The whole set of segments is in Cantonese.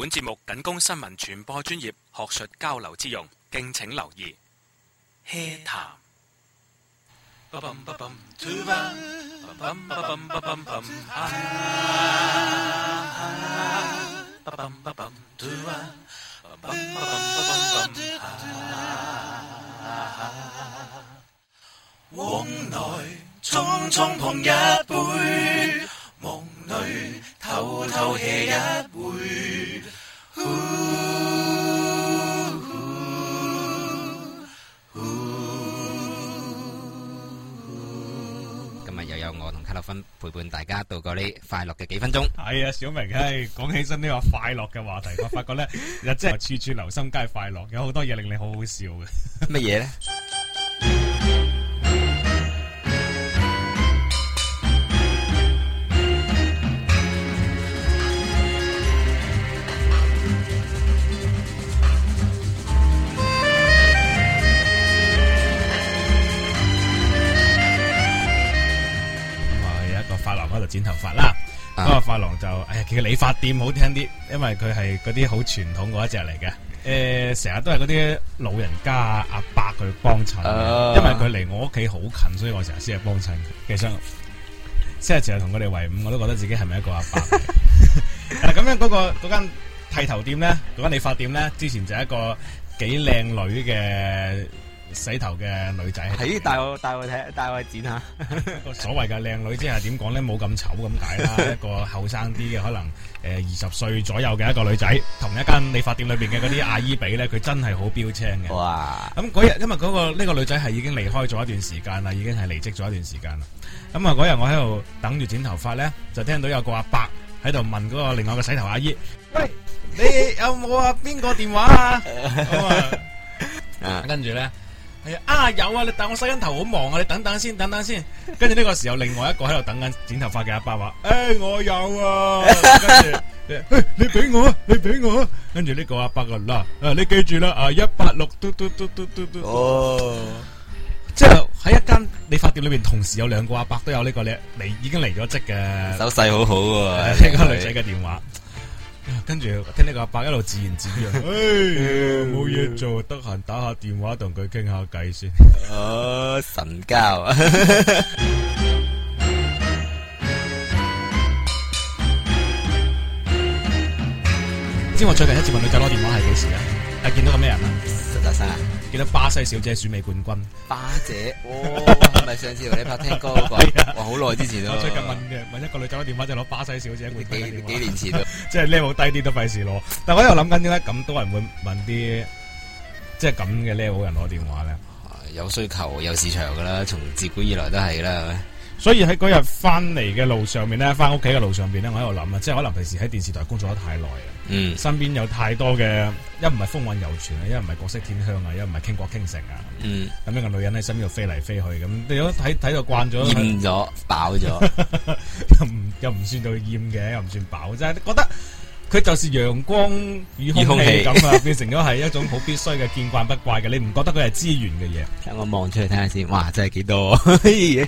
本節目僅供新聞傳播專業學術交流之用，敬請留意。hea 談。往來匆匆碰一杯，夢裏偷偷 hea 一。陪伴大家度過呢快樂嘅幾分鐘，係啊，小明，唉，講起身呢個快樂嘅話題，我發覺咧，日即係處處留心皆快樂，有好多嘢令你好好笑嘅，乜嘢咧？髮廊就，哎其實理髮店好聽啲，因為佢係嗰啲好傳統嗰一隻嚟嘅。誒、呃，成日都係嗰啲老人家阿伯去幫襯，因為佢離我屋企好近，所以我成日先係幫襯。其實，成日成日同佢哋為伍，我都覺得自己係咪一個阿伯？咁 樣嗰、嗰個間剃頭店咧，嗰間理髮店咧，之前就係一個幾靚女嘅。洗頭嘅女仔，係，帶我帶我睇，帶我剪吓。 所謂嘅靚女，即係點講咧？冇咁醜咁解啦。一個後生啲嘅，可能誒二十歲左右嘅一個女仔，同一間理髮店裏邊嘅嗰啲阿姨比咧，佢真係好標青嘅。哇！咁嗰日，欸、因為、嗰個呢、呢個女仔係已經離開咗一段時間啦，已經係離職咗一段時間啦。咁啊，嗰日我喺度等住剪頭髮咧，就聽到有個阿伯喺度問嗰個另外個洗頭阿姨：，喂，哎，你有冇啊？邊個電話啊？咁啊，跟住咧。係啊，有啊！你，但係我洗緊頭好忙啊，你等等先，等等先。跟住呢個時候，另外一個喺度等緊剪頭髮嘅阿伯話：，誒、 哎，我有啊，誒、 哎，你俾我、啊，你俾我、啊。跟住呢個阿伯就嗱，你記住啦，啊，一八六嘟嘟嘟嘟嘟嘟，嘟，嘟，嘟，嘟哦。即係喺一間理髮店裏邊，同時有兩個阿伯都有呢個你。嚟，已經嚟咗職嘅，手勢好好啊。」聽個女仔嘅電話。跟住聽呢個阿伯一路自言自語、 哎，唉，冇嘢做，得閒打下電話同佢傾下偈先。啊、 哦，神教神交。 知我最近一次問女仔攞電話係幾時咧？啊，見到個咩人啊？陳大生啊，見到巴西小姐選美冠軍。巴姐，哦，係咪 上次同你拍聽歌，那個？聽過啩？ 我好耐之前咯。最近問嘅問一個女仔攞電話就攞，是，巴西小姐冠軍。幾幾年前，啊， 即係 level 低啲都費事攞。但我喺度諗緊點解咁多人會問啲即係咁嘅 level 人攞電話咧？有需求有市場噶啦，從自古以來都係噶啦。所以喺嗰日翻嚟嘅路上面咧，翻屋企嘅路上面咧，我喺度諗啊，即係可能平時喺電視台工作得太耐啊。嗯，身邊有太多嘅，一唔係風韻猶存啊，一唔係國色天香啊，一唔係傾國傾城啊，嗯，咁樣個女人喺身邊度飛嚟飛去，咁你都睇睇到慣咗，厭咗飽咗，又唔又唔算到厭嘅，又唔算飽，就係覺得佢就是陽光與空氣咁啊，變成咗係一種好必須嘅見慣不怪嘅， 你唔覺得佢係資源嘅嘢？等我望出去睇下先，哇，真係幾多，係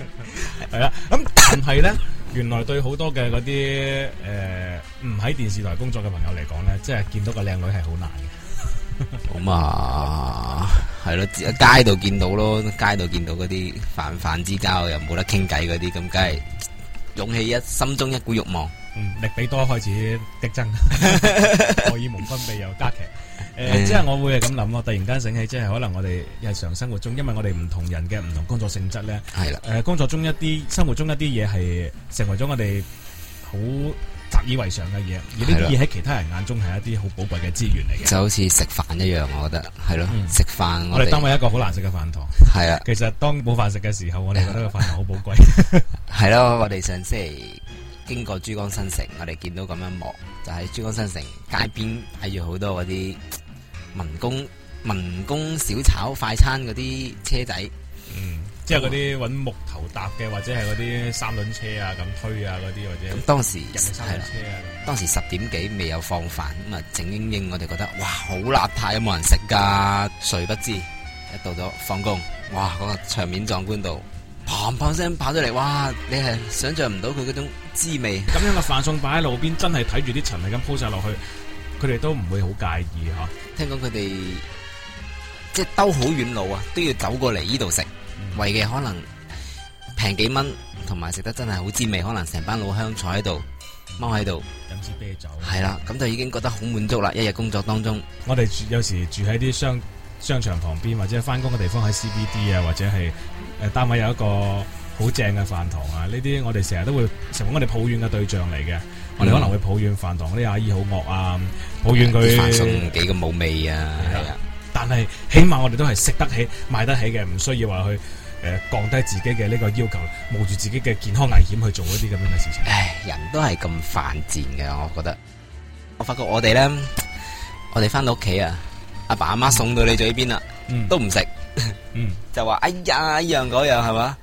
啦， 咁但係咧。原來對好多嘅嗰啲誒唔喺電視台工作嘅朋友嚟講咧，即係見到個靚女係好難嘅。咁、 嗯、啊，係咯，街度見到咯，街度見到嗰啲泛泛之交又冇得傾偈嗰啲，咁梗係湧起一心中一股慾望。嗯，力比多開始激增，荷爾 蒙分泌又加劇。誒，嗯、即係我會係咁諗咯。我突然間醒起，即係可能我哋日常生活中，因為我哋唔同人嘅唔同工作性質咧，係啦的。誒、呃，工作中一啲，生活中一啲嘢係成為咗我哋好習以為常嘅嘢，的而呢啲嘢喺其他人眼中係一啲好寶貴嘅資源嚟嘅。就好似食飯一樣，我覺得係咯，食飯、嗯、我哋單位一個好難食嘅飯堂。係啦的，其實當冇飯食嘅時候，我哋覺得個飯堂好寶貴。係咯的， 我哋上星期經過珠江新城，我哋見到咁樣忙，就喺、是、珠江新城街邊睇住好多嗰啲。民工、民工小炒快餐嗰啲車仔，嗯，嗯即係嗰啲搵木頭搭嘅，或者係嗰啲三輪車啊，咁推啊嗰啲，或者當時係啦，當時十點幾未有放飯，咁啊靜英英我哋覺得哇好邋遢，有冇人食噶？誰不知一到咗放工，哇嗰、嗰個場面壯觀到，砰砰聲跑出嚟，哇你係想象唔到佢嗰種滋味，咁樣嘅飯餸擺喺路邊，真係睇住啲塵係咁鋪晒落去。佢哋都唔會好介意嗬，啊、聽講佢哋即係兜好遠路啊，都要走過嚟依度食，嗯、為嘅可能平幾蚊，同埋食得真係好滋味，可能成班老鄉坐喺度，踎喺度飲支啤酒，係啦的，咁、嗯、就已經覺得好滿足啦。一日工作當中，我哋住有時住喺啲商商場旁邊，或者翻工嘅地方喺 CBD 啊，或者係誒單位有一個好正嘅飯堂啊，呢啲我哋成日都會成為我哋抱怨嘅對象嚟嘅。我哋、嗯、可能會抱怨飯堂啲阿姨好惡啊，抱怨佢送、嗯、幾個冇味啊，係啊。但係起碼我哋都係食得起、買得起嘅，唔需要話去誒、呃、降低自己嘅呢個要求，冒住自己嘅健康危險去做一啲咁樣嘅事情。唉，人都係咁犯賤嘅，我覺得。我發覺我哋咧，我哋翻到屋企啊，阿爸阿媽送到你嘴邊啊，嗯、都唔食，嗯、 就話哎呀，依樣嗰樣係嘛。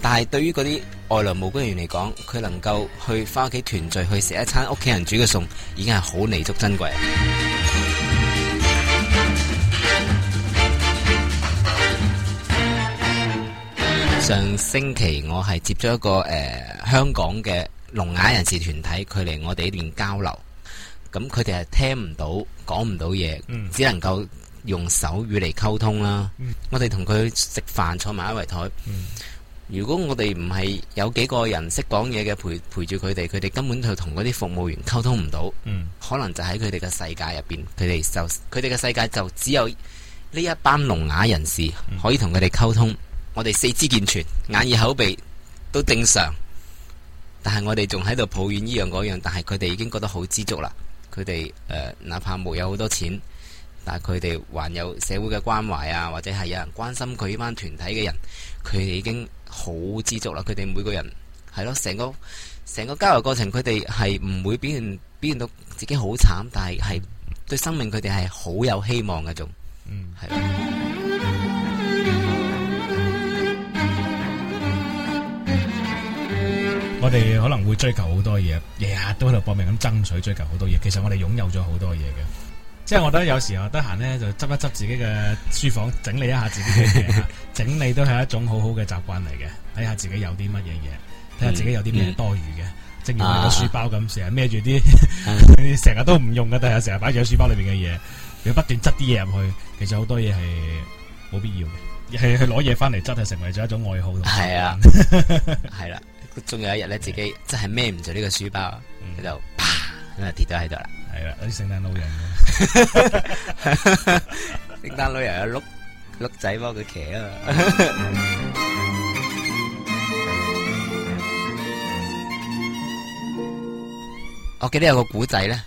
但係對於嗰啲外來務工人員嚟講，佢能夠去翻屋企團聚，去食一餐屋企人煮嘅餸，已經係好彌足珍貴。 上星期我係接咗一個誒、呃、香港嘅聾啞人士團體，佢嚟我哋呢邊交流。咁佢哋係聽唔到，講唔到嘢，嗯、只能夠用手語嚟溝通啦、啊。嗯、我哋同佢食飯，坐埋一圍台。嗯如果我哋唔係有幾個人識講嘢嘅陪陪住佢哋，佢哋根本就同嗰啲服務員溝通唔到，嗯、可能就喺佢哋嘅世界入邊，佢哋就佢哋嘅世界就只有呢一班聾啞人士可以同佢哋溝通。嗯、我哋四肢健全，嗯、眼耳口鼻都正常，但係我哋仲喺度抱怨依樣嗰樣，但係佢哋已經覺得好知足啦。佢哋誒，哪怕冇有好多錢。但係佢哋還有社會嘅關懷啊，或者係有人關心佢呢班團體嘅人，佢哋已經好知足啦。佢哋每個人係咯，成個成個交流過程，佢哋係唔會表現表現到自己好慘，但係係對生命佢哋係好有希望嘅，仲嗯係咯。我哋可能會追求好多嘢，日日都喺度搏命咁爭取追求好多嘢。其實我哋擁有咗好多嘢嘅。即係我覺得有時候得閒咧，就執一執自己嘅書房，整理一下自己嘅嘢。 整理都係一種好好嘅習慣嚟嘅，睇下自己有啲乜嘢嘢，睇下自己有啲咩多餘嘅。嗯、正如個書包咁，成日孭住啲，成日、啊、 都唔用嘅、但係成日擺住喺書包裏面嘅嘢，你不斷執啲嘢入去，其實好多嘢係冇必要嘅，係去攞嘢翻嚟執，係成為咗一種愛好。係啊，係啦、 啊，仲、啊、有一日咧，自己真係孭唔住呢個書包，佢、啊啊啊、就啪跌咗喺度啦。係啦，啲聖誕老人，聖誕老人有碌碌仔幫佢騎啊！我記得有個古仔咧，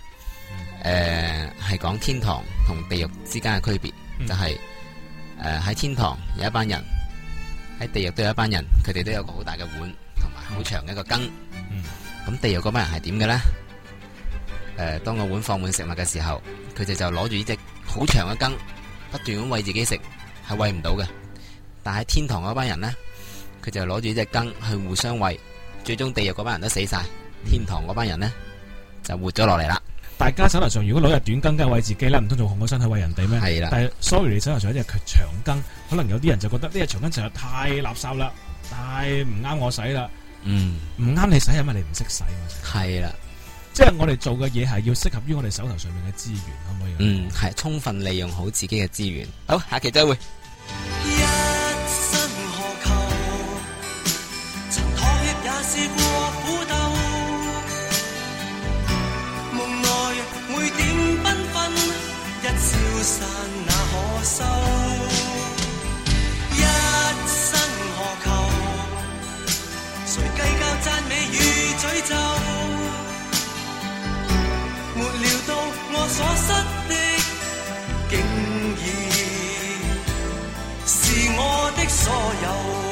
誒係講天堂同地獄之間嘅區別，就係誒喺天堂有一班人，喺地獄都有一班人，佢哋都有個好大嘅碗同埋好長嘅一個羹，咁地獄嗰班人係點嘅咧？誒、呃，當個碗放滿食物嘅時候，佢哋就攞住呢隻好長嘅羹，不斷咁餵自己食，係餵唔到嘅。但係天堂嗰班人呢，佢就攞住呢隻羹去互相餵，最終地獄嗰班人都死晒，天堂嗰班人呢，就活咗落嚟啦。大家手頭上如果攞隻短羹，梗係餵自己啦，唔通仲用個身體餵人哋咩？係啦是的。但係，sorry，你手頭上呢隻長羹，可能有啲人就覺得呢隻長羹實在太垃圾啦，太唔啱我使啦。嗯，唔啱你使，係咪你唔識使？係啦的。即係我哋做嘅嘢係要適合於我哋手頭上面嘅資源，可唔可以？嗯，係充分利用好自己嘅資源。好，下期再會。 一生何求？曾妥協也試過苦鬥。夢內每點繽紛，一消散哪可收？一生何求？誰計較讚美與詛咒？我所失的，竟然是我的所有。